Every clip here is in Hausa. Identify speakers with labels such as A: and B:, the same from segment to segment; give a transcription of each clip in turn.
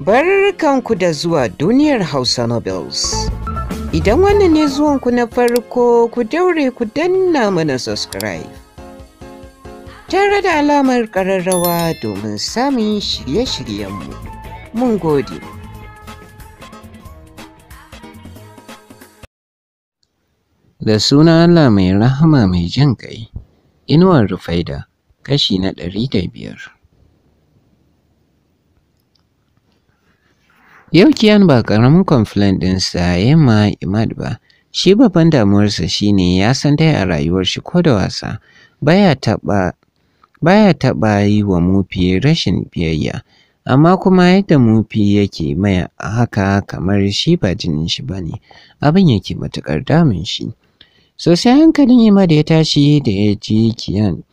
A: Barkanku da zuwa duniyar Hausa Nobles. Idan wannan ne zuwanku na farko ku daure ku danna mana subscribe. Tare da alamar ƙararrawa domin samun shirye-shiryenmu. Mun gode. Da suna Allah mai rahama mai jin kai inuwar Rufaida, kashi na ɗari da biyar. Yau Kiyan ba ƙaramin complain ɗinsa ya ma Imad ba. Shi babban damuwarsa shine ya san dai a rayuwar shi ko da wasa baya taɓa baya taba yi wa mufi rashin biyayya. amma kuma yadda mufi yake maya haka kamar shi ba jinin shi bane abin yake matukar damun shi sosai hankalin imad ya tashi da ya ji kiyan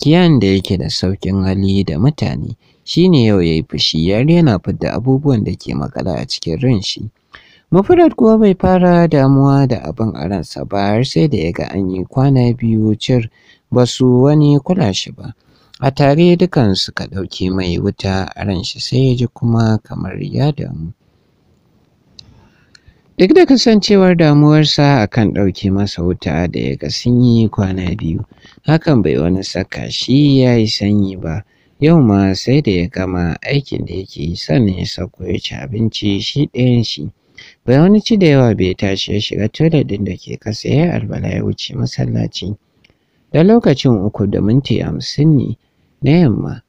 A: kiyan da yake da saukin hali da mutane shi ne yau ya yi fushi ya rena fidda abubuwan da ke makala a cikin ran shi. Mufarat kuwa bai fara damuwa da abin a ransa ba har sai da ya ga an yi kwana biyu cir ba su wani kula shi ba. A tare dukan suka ɗauki mai wuta a ran shi sai ya ji kuma kamar ya damu. Duk da kasancewar damuwarsa a kan ɗauki masa wuta da ya ga sun yi kwana biyu, hakan bai wani saka shi ya yi sanyi ba, Yau ma sai da ya gama aikin da yake son ya sauko ya ci abinci shi ɗayan shi. Bai wani ci da yawa bai tashi ya shiga toilet ɗin da ke kasa ya albala ya wuce masallaci. Da lokacin uku da minti hamsin ne na yamma.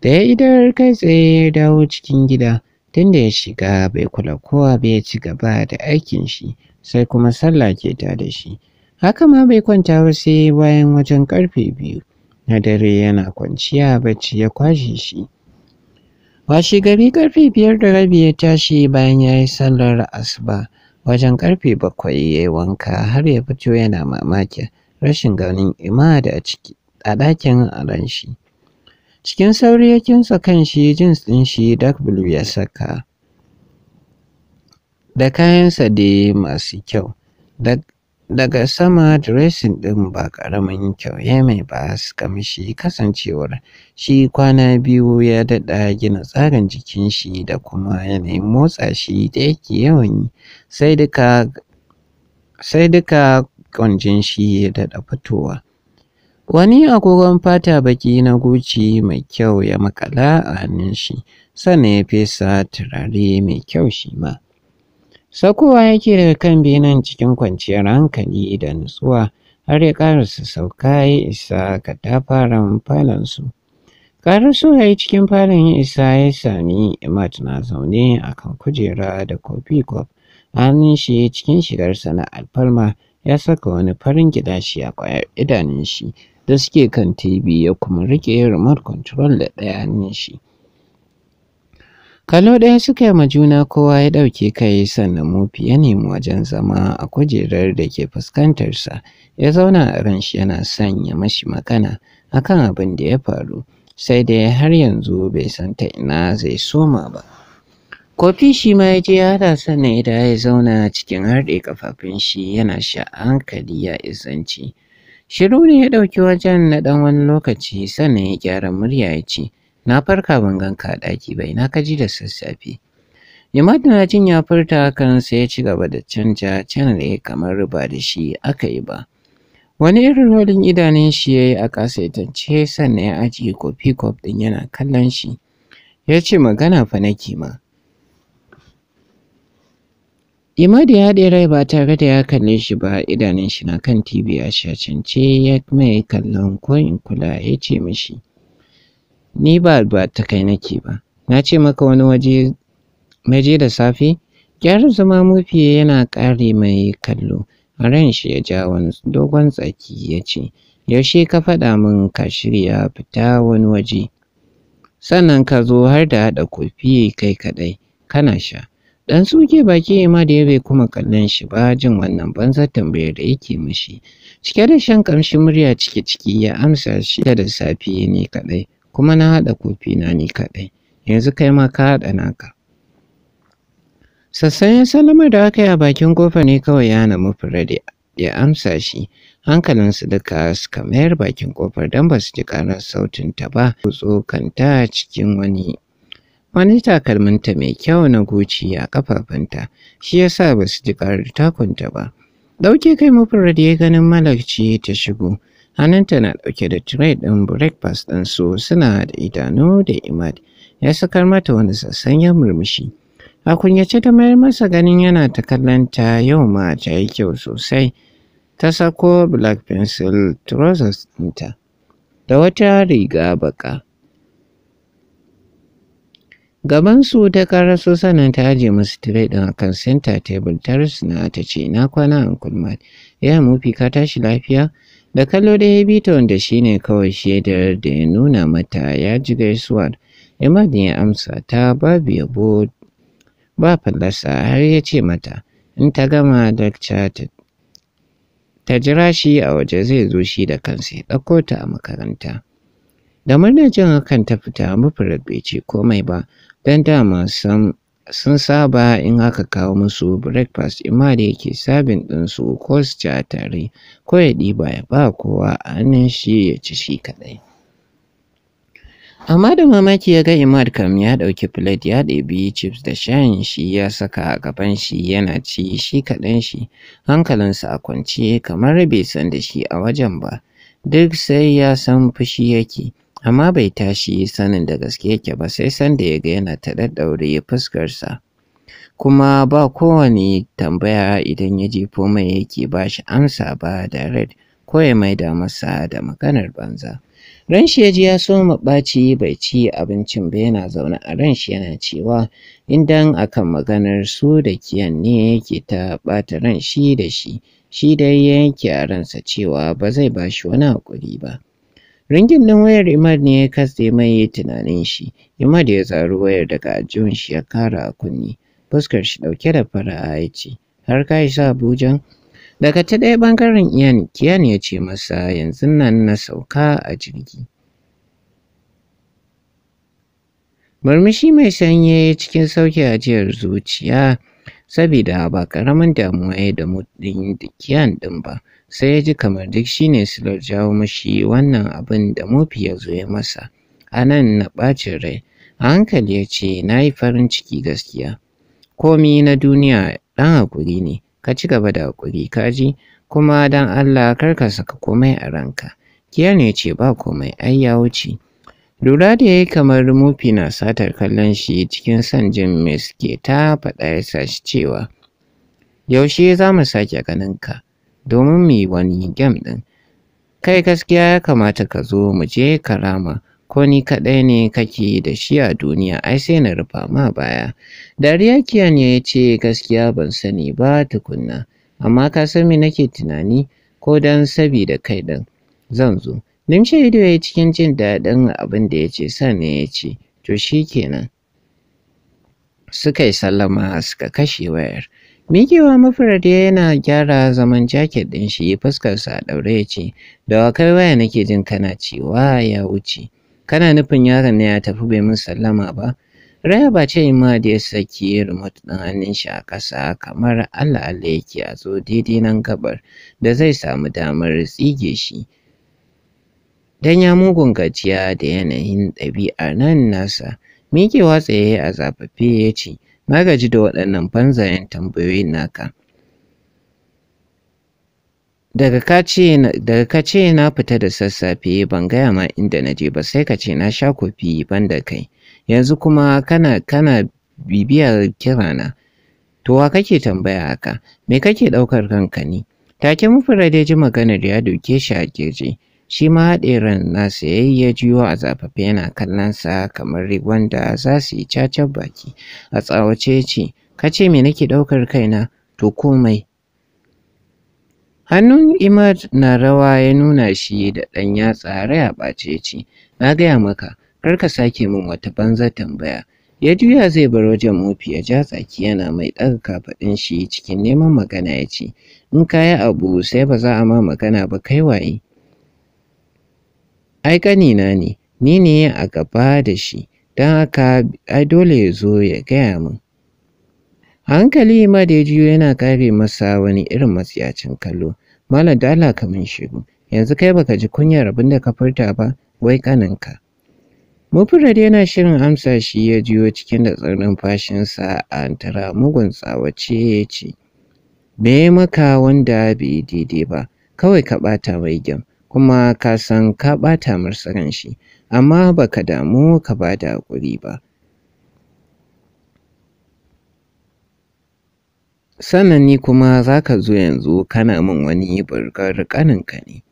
A: Da ya idar kai tsaye ya dawo cikin gida tun da ya shiga bai kula kowa bai ci gaba da aikin shi sai kuma sallah ke ta da shi. Haka ma bai kwanta ba sai bayan wajen karfe biyu. na dare yana kwanciya bacci ya kwashe shi washe gari karfe biyar da rabi ya tashi bayan ya yi sallar asuba wajen karfe bakwai ya yi wanka har ya fito yana mamaki, rashin ganin ima da ciki a ɗakin aran shi cikin sauri ya kinsa kanshi jins ɗin shi dark ya saka da kayansa dai masu kyau da daga sama dressing ɗin ba ƙaramin kyauye mai ba su kamshi kasancewar shi kwana biyu ya daɗa gina tsarin jikin shi da kuma yanayin motsa shi da yake yawan yi sai duka ƙwanjin shi ya daɗa fitowa wani agogon fata baki na guci mai kyau ya makala a hannun shi sannan ya fesa turare mai kyau shi ma Saukowa yake daga kan benen cikin kwanciyar hankali da nutsuwa har ya ƙarasa sauka ya isa katafaren falonsu. Ƙaraso ya yi cikin falon ya isa ya sami Imat na zaune a kan kujera da kofi kof. Hannun shi cikin shigarsa na alfarma ya saka wani farin gida shi a ƙwayar idanun shi da suke kan TV ya kuma riƙe remote control da ɗaya hannun shi. Kalo ɗaya suka yi ma juna kowa ya ɗauke kai sannan Mufi ya nemi wajen zama a kujerar da ke fuskantarsa ya zauna a shi yana sanya mashi magana akan abin da ya faru sai dai har yanzu bai san ta ina zai soma ba. Kofi shi ma ya je ya haɗa sannan da ya zauna cikin harɗe kafafun shi yana sha hankali ya izanci. Shiru ne ya ɗauki wajen na ɗan wani lokaci sannan ya gyara murya ya ce Na farka ban ganka a ɗaki ba ina ka ji da sassafe. Jama'atu na jin ya furta hakan sai ya ci gaba da canja da ya kamar ba da shi aka yi ba. Wani irin rolin idanun shi ya yi a kasaitance sannan ya ajiye kofi kof ɗin yana kallon shi. Ya ce magana fa nake ma. Imadu ya haɗe rai ba tare da ya kalle shi ba idanun shi na kan TV a shacance ya mai kallon ko in kula ya ce mishi. ni ba ba ta kai nake ba na ce maka wani waje maje da safe gyara zama mafi yana ƙare mai kallo a ran shi ya ja wani dogon tsaki ya ce yaushe ka faɗa min ka shirya fita wani waje sannan ka zo har da haɗa kofi kai kaɗai kana sha Ɗan suke baki ma da ya bai kuma kallon shi ba jin wannan banzar tambayar da yake mishi cike da shan kamshin murya ciki ciki ya amsa shi da safe ne kaɗai kuma na haɗa kofi na ni kaɗai yanzu kai ma ka haɗa naka Sassan ya salamar da aka yi a bakin kofa ne kawai ya nemi fure ya amsa shi hankalinsu duka suka mayar bakin kofar don ba su ji karar sautin ta ba tsokanta cikin wani wani takalminta mai kyau na guci a kafafunta shi ya sa ba su ji karar takunta ba Ɗauke kai mafi ya ganin malakci ta shigo hannunta na dauke da tray din breakfast din su suna da idanu da imad ya sakar mata wani sassan ya murmushi a kunyace ta mayar masa ganin yana ta kallon yau ma ta yi kyau sosai ta sako black pencil trousers ɗinta da wata riga baka gabansu ta karaso sanin ta aje musu tire ɗin akan center table ta rusuna ta ce na kwana an kulmat ya mufi ka tashi lafiya Da kallo da ya bi ta wanda shi ne kawai shaidar da ya nuna mata ya ji gaisuwa, Imad ya amsa ta babu yabo ba fallasa har ya ce mata in ta gama lakca ta jira shi a waje zai zo shi da kansa ya ɗauko ta a makaranta. Da murnar jin hakan ta fita mafi bai ce komai ba don dama sam sun saba in aka kawo musu breakfast ima da yake sabin ɗinsu ko su ci a tare ko ya ɗiba ya ba kowa a hannun shi ya ci shi kaɗai. Amma da mamaki ya ga Imad kam ya ɗauki plate ya ɗebi chips da shayin shi ya saka a gaban shi yana ci shi kaɗan shi hankalinsa a kwance kamar bai san da shi a wajen ba duk sai ya san fushi yake amma bai tashi sanin da gaske yake ba sai sanda ya ga yana ta ɗaɗɗaure fuskarsa kuma ba kowane tambaya idan ya jefo mai yake ba shi amsa ba da red ko ya maida masa da maganar banza ran shi ya ji ya so ɓaci bai ci abincin ba yana zaune a ran shi yana cewa indan akan maganar su da kiyan ne yake ta ɓata ran shi da shi shi dai ya a ransa cewa ba zai ba shi wani haƙuri ba Ringin din wayar Imad ne ya katse mai tunanin shi. Imad ya tsaro wayar daga ajiyun shi ya kara a kunni. Fuskar shi ɗauke da fara'a ya ce, har ka isa Abujan? Daga ta ɗaya ɓangaren Iyan, Kiyan ya ce masa yanzu nan na sauka a jirgi. Murmushi mai sanye cikin sauki ajiyar zuciya, sabida ba ƙaramin damuwa ya da mutum da Kiyan ɗin ba. sai ya ji kamar duk shi ne silar jawo mashi wannan abin da mofi ya zo ya masa a nan na ɓacin rai a hankali ya ce na yi farin ciki gaskiya komi na duniya ɗan haƙuri ne ka ci gaba da haƙuri ka ji kuma don allah kar ka saka komai a ranka kiyar ne ce ba komai ai ya wuce lura da ya yi kamar mofi na satar kallon shi cikin son jin me suke ta faɗa ya sa shi cewa yaushe za mu sake ganinka? domin mu yi wani game ɗin. Kai gaskiya ya kamata ka zo mu je karama ko ni kaɗai ne kake da shi a duniya ai sai na rufa ma baya. Dariya kiyan ya ce gaskiya ban sani ba tukunna amma ka san me nake tunani ko dan sabida kai ɗin zan zo. Nimshe ido ya cikin jin daɗin abin da ya ce sannan ya ce to shi kenan. Suka yi sallama suka kashe wayar. mikewa Mufrad yana gyara zaman jaket ɗin shi fuskarsa a ɗaure ya ce, Da wa kai waya nake jin kana cewa ya wuce. Kana nufin yaron ne ya tafi bai min sallama ba. Raya ba ce ma da ya saki remote ɗin hannun shi a ƙasa kamar Allah Allah yake a zo daidai nan gabar da zai samu damar tsige shi. Dan ya mugun gajiya da yanayin ɗabi'ar nan nasa, miƙewa tsaye a zafafe ya ce, Na gaji da waɗannan banzayen tambayoyin naka. Daga ka ce na fita da sassafe ban gaya ma inda na je ba sai ka ce na sha kofi ban da kai. Yanzu kuma kana kana bibiyar kirana. To wa kake tambaya haka? Me kake ɗaukar kanka ne? Take mu fara ji maganar ya doke shi a kirji. shi ma haɗeran nasa ya yi ya a zafafe yana kallonsa kamar kamar wanda za su yi cacar baki a tsawace ce ka ce me nake ɗaukar kaina to komai hannun imad na rawa ya nuna shi da ɗan yatsa raya ɓace ce na gaya maka kar ka sake min wata banza tambaya ya juya zai bar wajen mofi ya ja tsaki yana mai ɗaga kafaɗin shi cikin neman magana ya ce in ka abu sai ba za a ma magana ba kai waye ai ƙanina ne ni ne a gaba da shi don haka ai dole ya zo ya gaya min hankali ma da ya jiyo yana kare masa wani irin matsiyacin kallo malam da Allah ka min shiru yanzu kai baka ji kunyar abin da ka furta ba wai kaninka mufurar yana shirin amsa shi ya jiyo cikin da tsarnin fashinsa a antara mugun tsawace ya ce me maka wanda bai daidai ba kawai ka ɓata mai gyan kuma ka san ka ɓata masa ran shi amma baka damu ka ba da haƙuri ba sannan ni kuma za ka zo yanzu kana min wani burgar ƙaninka ne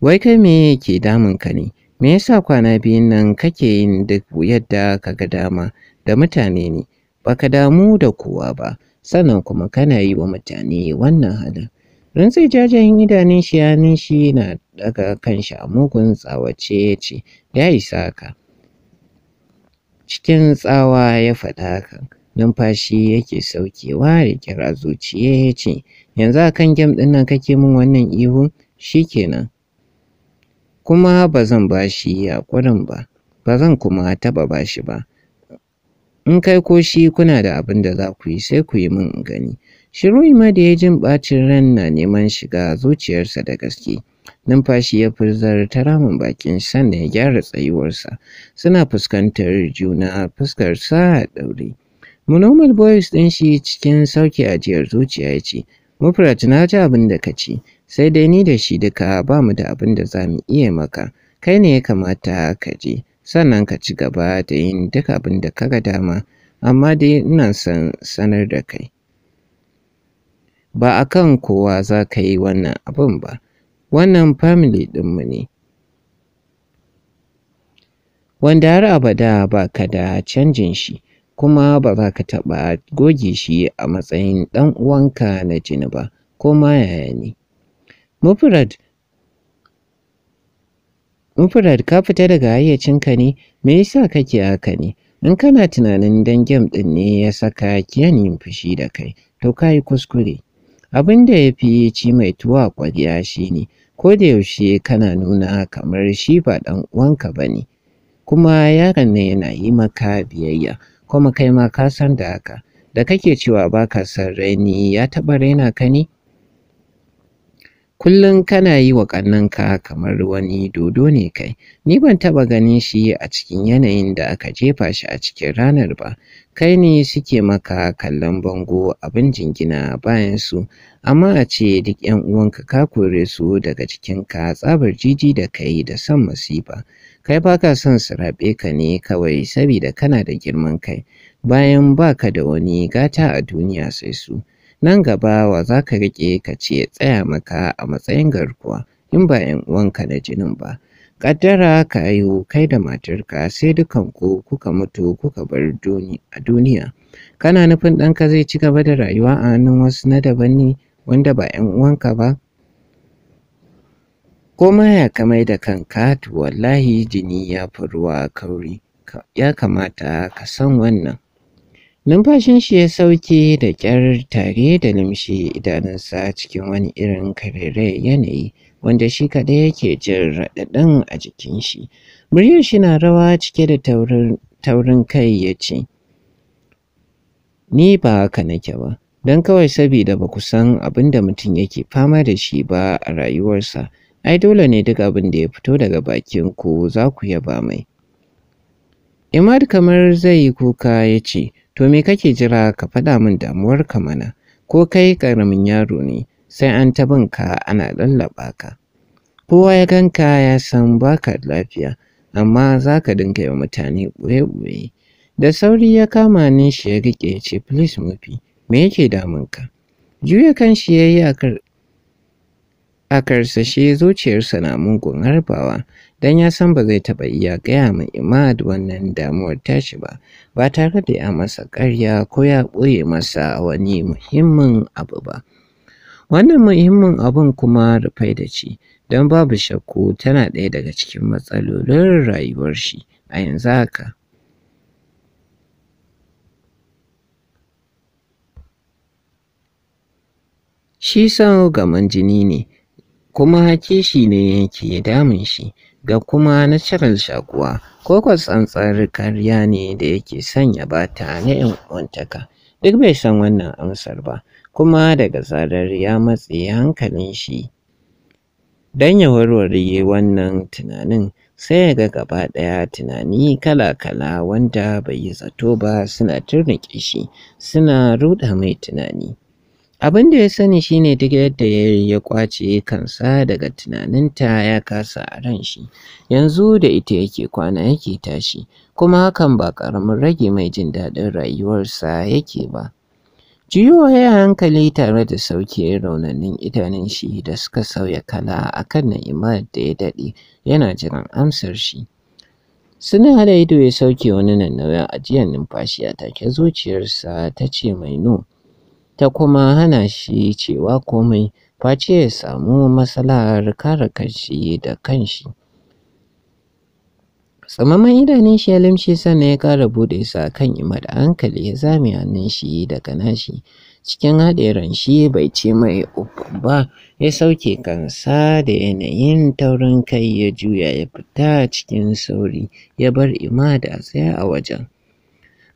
A: wai kai me ke ka ne me yasa kwana biyun nan kake yin duk yadda ka ga dama da mutane ne baka damu da kowa ba sannan kuma kana yi wa mutane wannan halin sai jajayen idanun shi yanin shi na daga kanshi a mugun tsawace ya ce, ya isa ka. Cikin tsawa ya faɗa hakan, numfashi yake saukewa da kira zuciya ya ce, yanzu a kan gem ɗin nan kake min wannan ihu?' shi kenan. Kuma ba zan ba shi ƙurin ba, ba zan kuma taɓa ba shi ba. In kai ko shi kuna da abin da za ku yi sai ku yi min gani. ma da ya jin ɓacin ran na neman shiga zuciyarsa da gaske. Numfashi ya furzar ta ramin bakin sannan ya gyara tsayuwarsa. Suna fuskantar juna fuskarsa a ɗaure. Monomal Boys ɗin shi cikin sauki ajiyar zuciya ya ce, Mufrat na ji abin da ka ce, sai dai ni da shi duka ba mu da abin da za mu iya maka. Kai ne ya kamata ka je, sannan ka ci gaba da yin duk abin da ka ga dama, amma dai ina son sanar da kai. ba a kan kowa za ka yi wannan abin ba wannan family ɗinmu ne wanda har abada ba ka da canjin shi kuma ba za ka taɓa goge shi a matsayin ɗan uwanka na jini ba ko ma yaya ne mufrad ka fita daga hayyacinka ne me yasa kake haka ne in kana tunanin dan gem ɗin ne ya saka yin fushi da kai to ka yi kuskure Abin da ya fi ci mai tuwa a ƙwarya shi ne ko da yaushe kana nuna kamar shi ba ɗan uwanka ba ne, kuma yaron ne yana yi maka biyayya, kuma kai ma ka san da haka, da kake cewa ba ka son raini ya taɓa raina ka ne? kullum kana yi wa ƙannanka kamar wani dodo ne kai ni ban taɓa ganin shi a cikin yanayin da aka jefa shi a cikin ranar ba kai ne suke maka kallon bango abin jingina bayan su amma a ce duk yan uwanka ka kore su daga cikinka tsabar jiji da kai da son masifa kai ba ka son su raɓe ka ne kawai saboda kana da girman kai bayan baka da wani gata a duniya sai su nan gaba wa za ka riƙe ka ce tsaya maka a matsayin garkuwa in ba 'yan uwanka na jinin ba Ƙaddara ka haihu kai da matarka sai dukan ku kuka mutu kuka bar a duniya kana nufin ɗanka zai ci gaba da rayuwa a hannun wasu na daban ne wanda ba 'yan uwanka ba koma ya kamai da kanka to wallahi jini ya fi ruwa kauri ya kamata ka san wannan Numfashin shi ya sauke da ƙyar tare da limshe idanunsa cikin wani irin karere yanayi wanda shi kaɗai yake jin raɗaɗin a jikin shi. Muryar shi na rawa cike da taurin kai ya ce, Ni ba haka nake ba, don kawai sabida ba ku san abinda da mutum yake fama da shi ba a rayuwarsa, ai dole ne duk abin da ya fito daga bakin ku za ku yaba mai. Imad kamar zai yi kuka ya ce, To me kake jira ka faɗa min damuwar ka mana, ko kai ƙaramin yaro ne sai an ta bin ka ana lallaɓa ka. Kowa ya ganka ya san baka lafiya, amma za ka dinga yi mutane ɓoye-ɓoye. Da sauri ya kama ni shi ya riƙe ya ce, Please Mufi, me yake damun ka? Juya kan shi ya yi A karsashe zuciyarsa na mugun harbawa don ya san ba zai taɓa iya gaya ma Imad wannan damuwar tashi ba, ba tare da ya masa ƙarya ko ya ɓoye masa wani muhimmin abu ba. Wannan muhimmin abun kuma rufai da ci, don babu shakku tana ɗaya daga cikin matsalolin rayuwar shi a yanzu haka. Shi sa gaman jini ne. kuma kishi ne yake damun shi ga kuma na shirin shakuwa ko tsantsan kariya ne da yake sanya bata na yin uwantaka duk bai san wannan amsar ba kuma daga zarar ya matse hankalin shi Dan ya warware wannan tunanin sai ya ga gaba ɗaya tunani kala-kala wanda bai yi zato ba suna turnike shi suna ruɗa mai tunani. Abin da ya sani shine duk yadda ya yi ya ƙwace kansa daga tunaninta ya kasa a ran shi, yanzu da ita yake kwana yake tashi, kuma hakan ba ƙaramin rage mai jin daɗin rayuwarsa yake ba. Jiyo ya hankali tare da sauke raunanin idanun shi da suka sauya kala a kan na'imar da ya daɗe yana jiran amsar shi. Suna hada ido ya sauke wani nannawa ajiyar numfashi a take zuciyarsa ta ce mai nuna. ta kuma hana shi cewa komai face ya samu matsalar kare kanshi da kanshi. Tsamaman idanun shi ya limshe sannan ya ƙara buɗe sa kan ima da hankali ya zame hannun shi daga nashi cikin haɗeran shi bai ce mai uku ba ya sauke kansa da yanayin taurin kai ya juya ya fita cikin sauri ya bar ima da tsaya a wajen.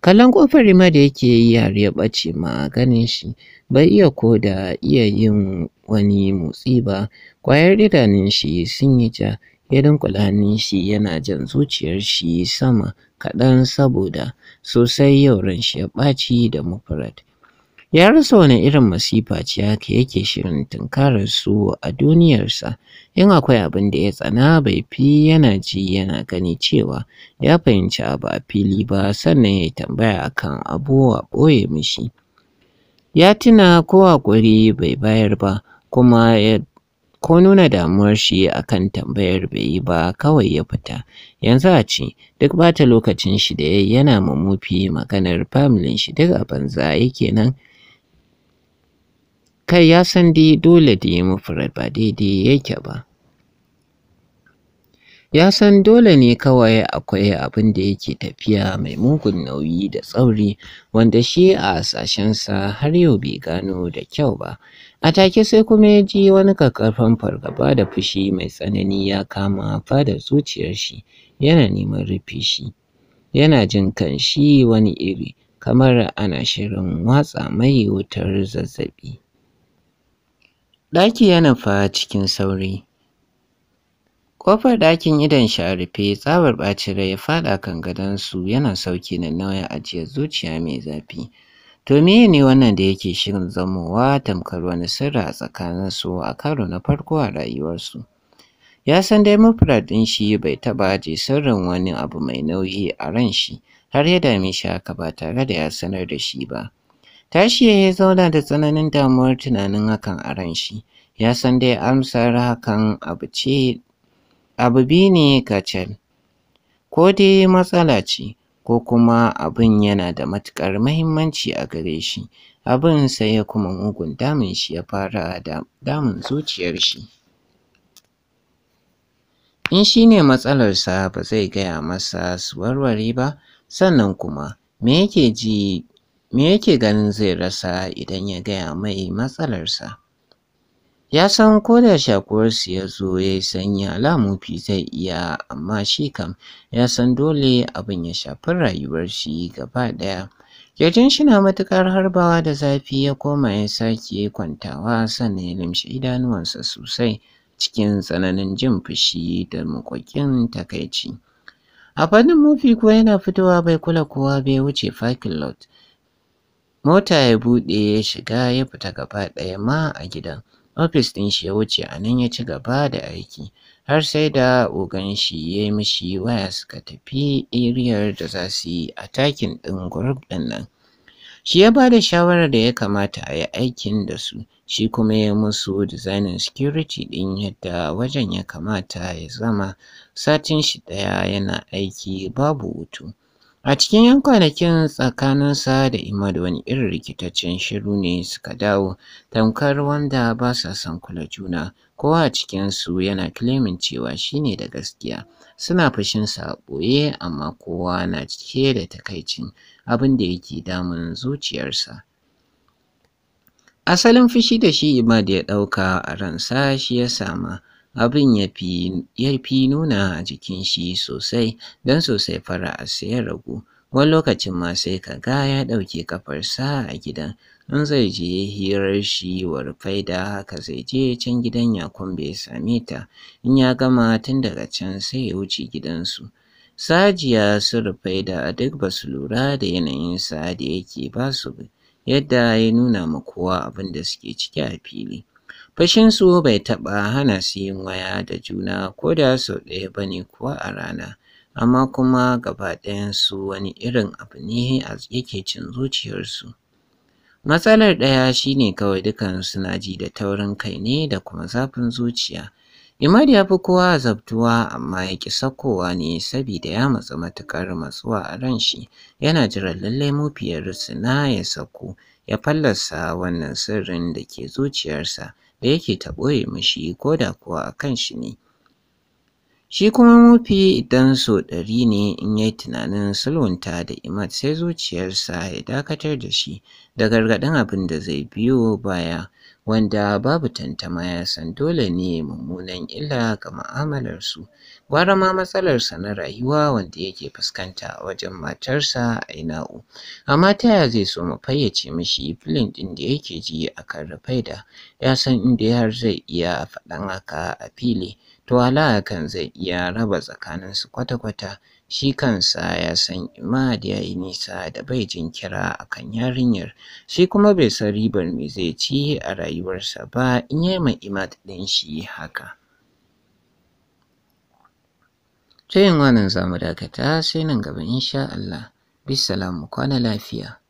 A: Kallon ƙofar rima da yake yi har ya ɓace ma ganin shi, bai iya ko da iya yin wani motsi ba, ƙwayar idanun shi sun yi ja, ya dunkula hannun shi yana jan zuciyar shi sama kaɗan saboda sosai yau ran shi ya ɓaci da mafarat Ya rasa wani irin masifa ce haka yake shirin tunkarar su a duniyarsa, in akwai abin da ya tsana bai fi yana ji yana gani cewa ya fahimci ba a fili ba sannan ya tambaya akan abu a ɓoye mishi. Ya tuna ko haƙuri bai bayar ba kuma ya ko nuna damuwar shi akan tambayar bai yi ba kawai ya fita yanzu a ce duk bata lokacin shi da yana mamufi maganar familin shi duk a banza yake nan kai ya san dai dole da ya mafura ba daidai yake ba ya san dole ne kawai akwai abin da yake tafiya mai mugun nauyi da tsauri wanda shi a sashensa har yau bai gano da kyau ba a take sai kuma ya ji wani kakarfan fargaba da fushi mai tsanani ya kama fadar zuciyar shi yana neman rufe shi yana jin kan shi wani iri kamar ana shirin watsa mai wutar zazzaɓi Ɗaki ya numfa cikin sauri. Ƙofar ɗakin idon shi a rufe tsabar ɓacin rai ya faɗa kan gadon su yana sauki na nauyin ajiyar zuciya mai zafi. To meye ne wannan da yake shirin zamowa tamkar wani sirra a su a karo na farko a rayuwarsu? Ya san dai mafura ɗin shi bai taɓa ji sirrin wani abu mai nauyi a ran shi har ya dame shi haka ba tare da ya sanar da shi ba. Tashi ya zauna da tsananin damuwar tunanin hakan a ran shi, ya san dai amsar hakan abu ce, abu biyu ne kacal, ko dai matsala ce, ko kuma abin yana da matuƙar mahimmanci a gare shi, abin sai ya kuma mugun damun shi ya fara damun zuciyar shi. In shi ne matsalarsa ba zai gaya masa su warware ba, sannan kuma me yake ji me yake ganin zai rasa idan ya gaya mai matsalarsa. Ya san ko da shakuwarsu ya zo ya yi sanyi lamufi zai iya amma shi kam ya san dole abin ya shafi rayuwar shi gaba ɗaya. Kirjin shi na matuƙar harbawa da zafi ya koma ya sake kwantawa sannan ya limshi idanuwansa sosai cikin tsananin jin fushi da makokin takaici. A fannin mufi kuwa yana fitowa bai kula kowa bai wuce Fakilot Mota ya buɗe ya shiga ya fita gaba ɗaya ma a gidan. Ofis ɗin shi ya wuce a nan ya ci gaba da aiki har sai da ogan shi ya yi mishi waya suka tafi eriyar da za su yi a takin ɗin group ɗin nan. Shi ya ba da shawarar da ya kamata a yi aikin da su, shi kuma ya musu designing security ɗin yadda wajen ya kamata ya zama satin shi ɗaya yana aiki babu hutu. A cikin 'yan kwanakin tsakaninsa da Imad wani irin rikitaccen shiru ne suka dawo, tamkar wanda ba sa son kula juna, kowa a cikinsu yana kilimin cewa shi ne da gaskiya. Suna fashin a ɓoye amma kowa na cike da takaicin abin da yake damun zuciyarsa. Asalin fushi da shi Imad ya ɗauka a ransa shi ya sama abin ya fi nuna a jikin shi sosai don sosai fara sai ya ragu wani lokacin ma sai ka ga ya ɗauki kafarsa a gidan in zai je hirar shi warfai da haka zai je can gidan ya kumbe same ta in ya gama tun daga can sai ya wuce gidansu sajiya su rufai da duk ba su lura da yanayin sa da yake ba su yadda ya nuna ma kowa abin da suke ciki a fili su bai taɓa hana su yin waya da juna ko da sau ɗaya ba ne kuwa a rana, amma kuma gaba ɗayansu wani irin abu ne yake cin zuciyarsu. Matsalar ɗaya shine ne kawai dukansu na ji da taurin kai ne da kuma zafin zuciya. Imad ya fi kowa zabtuwa amma ya ƙi sakowa ne sabida ya matsa matuƙar matsuwa a ran shi yana jiran lallai mufiyar na ya sako ya fallasa wannan sirrin da ke zuciyarsa da yake ta ɓoye mishi ko da kuwa a kan shi ne. Shi kuma mafi idan sau ɗari ne in yi tunanin sulhunta da Imad sai zuciyarsa ya dakatar da shi da gargaɗin abin da zai biyo baya wanda babu tantama ya san dole ne mummunan illa ga mu'amalarsu gwara ma matsalarsa na rayuwa wanda yake fuskanta wajen matarsa aina'u amma ta yaya zai so mu fayyace mishi filin ɗin da yake ji a kan rufaida ya san inda har zai iya faɗan haka a fili to kan zai iya raba tsakaninsu kwata-kwata shi kansa ya san Imad ya yi nisa da bai jinkira a kan yarinyar shi kuma bai san ribar me zai ci a rayuwarsa ba in yi ma Imad ɗin shi haka. Ta wannan za dakata sai nan gaba insha Allah. Bisalamu kwana lafiya.